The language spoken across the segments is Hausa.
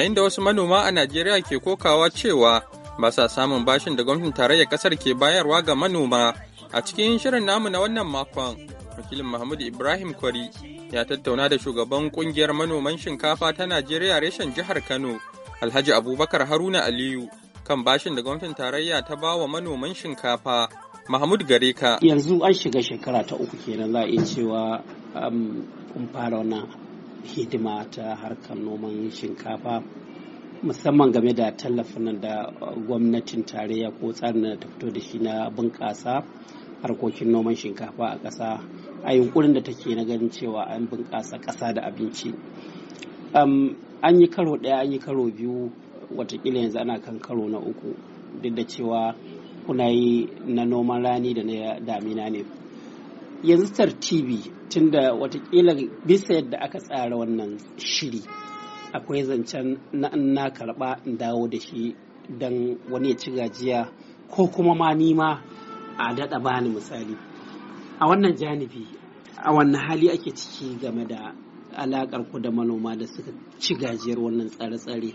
yayin da wasu manoma a Najeriya ke kokawa cewa ba sa samun bashin da gwamnatin tarayyar kasar ke bayarwa ga manoma. A cikin shirin namu na wannan makon, wakilin Muhammadu Ibrahim Kwari ya tattauna da shugaban kungiyar manoman shinkafa ta Najeriya reshen jihar Kano, Alhaji Abubakar Haruna Aliyu, kan bashin da gwamnatin tarayya ta ba wa manoman shinkafa. Mahmud Gareka. Yanzu an shiga shekara ta uku kenan za a iya cewa an um, fara wannan hidima ta harkar noman shinkafa musamman game da tallafin da gwamnatin tarayya ko tsarin da ta fito da shi na bunƙasa harkokin noman shinkafa a ƙasa a yunkurin da take na ganin cewa an bunƙasa ƙasa da abinci an yi karo ɗaya an yi karo biyu watakila yanzu ana kan karo na uku duk da cewa kuna yi na noman rani da na damina ne yanzu tartibi tunda watakila bisa yadda aka tsara wannan shiri akwai zancen na na karba in dawo da shi don wani ya ci gajiya ko kuma ma nima a daɗa bani misali a wannan janibi a wannan hali ake ciki game da alakar ku da manoma da suka ci gajiyar wannan tsare-tsare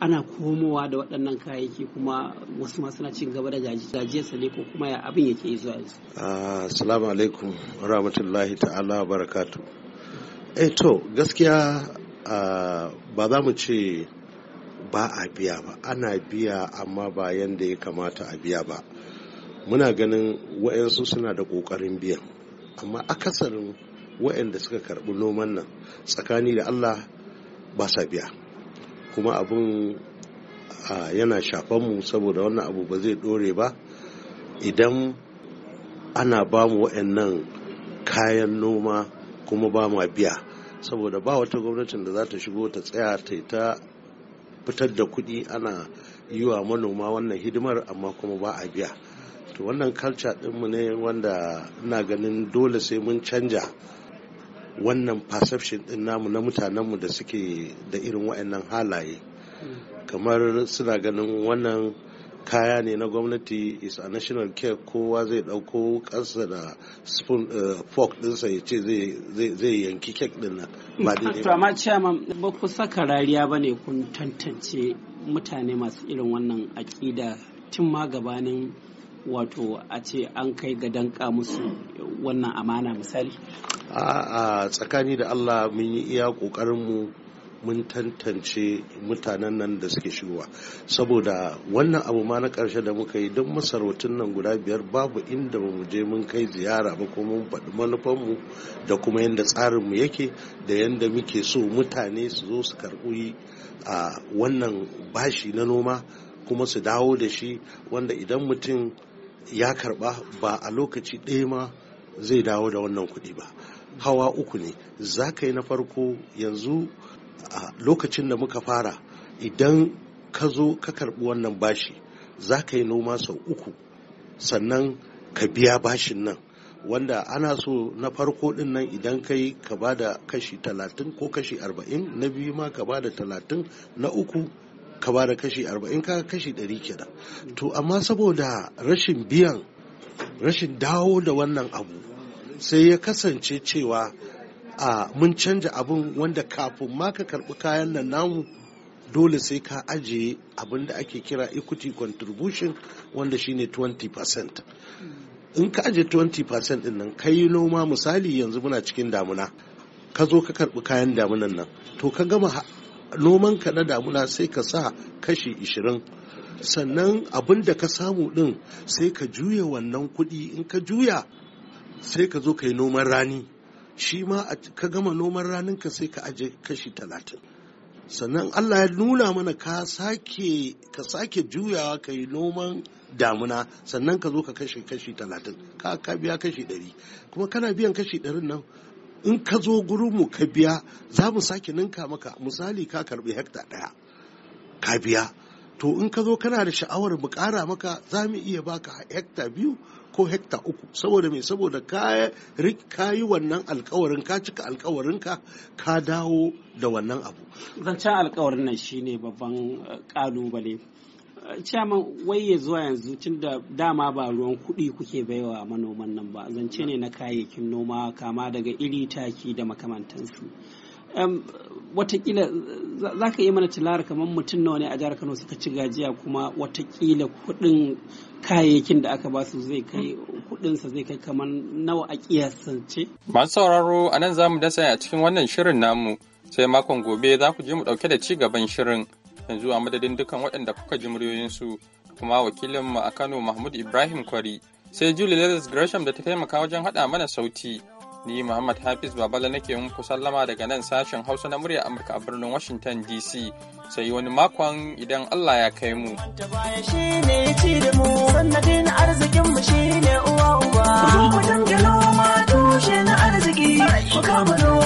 ana komowa da waɗannan kayayyaki kuma wasu ma suna cin gaba da gajiyarsa ne ko kuma ya abin yake yi zuwa yanzu. Ah, assalamu alaikum rahmatullahi ta'ala barakatu. Eh to gaskiya ah, ba za mu ce ba a biya ba ana biya amma ba yanda ya kamata a biya ba muna ganin wa'yansu suna da ƙoƙarin biyan amma akasarin wa'yanda suka karɓi noman nan tsakani da Allah ba sa biya. kuma abun yana shafan mu saboda wannan abu ba zai dore ba idan ana ba mu waɗannan kayan noma kuma ba mu biya saboda ba wata gwamnatin da za ta shigo ta tsaya ta ta fitar da kuɗi ana yi wa manoma wannan hidimar amma kuma ba a biya to wannan kalca ɗinmu ne wanda ina ganin dole sai mun canja wannan perception din namu na mutanenmu da suke da irin wa'annan halaye kamar suna ganin wannan kaya ne na gwamnati is a national care kowa zai dauko kansa da spoon eh, fork dinsa ya ce zai yanki kek din nan ba daidai amma chairman ba ku saka rariya ba ne kun tantance mutane masu irin wannan aƙida tun ma gabanin wato a ce an kai ga danka musu wannan amana misali a tsakani da allah mun yi iya ƙoƙarinmu mun tantance mutanen nan da suke shigowa saboda wannan abu ma na ƙarshe da muka yi don masarautun nan guda biyar babu inda bamu mu je mun kai ziyara ba kuma mun faɗi manufanmu da kuma yadda tsarinmu yake da yadda muke so mutane su zo su karɓi a wannan bashi na noma kuma su dawo da shi wanda idan mutum ya karba ba a lokaci ɗaya ma zai dawo da wannan kuɗi ba hawa uku ne za ka yi na farko yanzu a lokacin da muka fara idan ka zo ka karbi wannan bashi za ka yi noma sau uku sannan ka biya bashin nan wanda ana so na farko din nan idan kai ka ba da kashi talatin ko kashi arba'in na biyu ma ka ba da talatin na uku ka ba da kashi arba'in ka kashi ɗari kenan to amma saboda rashin biyan rashin dawo da wannan abu sai ya kasance cewa a mun canja abin wanda kafin ma ka karɓi kayan nan namu dole sai ka ajiye abin da ake kira equity contribution wanda shine 20% in ka ajiye 20% din nan ka yi noma misali yanzu muna cikin damuna ka zo ka karbi kayan damunan nan to ka gama noman ka na damuna sai ka sa kashi ishirin sannan abin da ka samu din sai ka juya wannan kuɗi in ka juya sai ka zo ka yi noman rani shi ma ka gama noman ranin ka sai ka aje kashi talatin sannan allah ya nuna mana ka sake ka sake juyawa ka yi noman damuna sannan ka zo ka kashe kashi talatin ka biya kashi ɗari kuma kana biyan kashi ɗarin nan in ka zo gurin mu ka biya za mu sake ninka maka misali ka karbi hekta ɗaya ka biya to in ka zo kana da sha'awar mu ƙara maka za mu iya baka hekta biyu ko hekta uku saboda me saboda ka yi wannan alkawarin ka cika alkawarinka ka ka dawo da wannan abu zancen alkawarin nan shine babban kalubale eh, Chairman wai ya zuwa yanzu tun da dama ba ruwan kuɗi kuke baiwa manoman nan ba zance ne na kayayyakin noma kama daga iri taki da makamantansu. watakila za ka yi mana tilara kamar mutum nawa ne a jihar Kano suka ci gajiya kuma watakila kuɗin kayayyakin da aka ba su zai kai kuɗinsa zai kai kamar nawa a kiyasance. Masu sauraro a nan za mu dasa a cikin wannan shirin namu sai makon gobe za ku je mu ɗauke da ci gaban shirin. yanzu a madadin dukan waɗanda kuka ji muryoyinsu kuma wakilinmu a kano mahmud ibrahim kwari sai julie lewis gresham da ta taimaka wajen haɗa mana sauti ni muhammad hafiz babala nake muku sallama daga nan sashen hausa na murya amurka a birnin washington dc sai wani makon idan allah ya kai mu arzikin mu shine uwa arziki,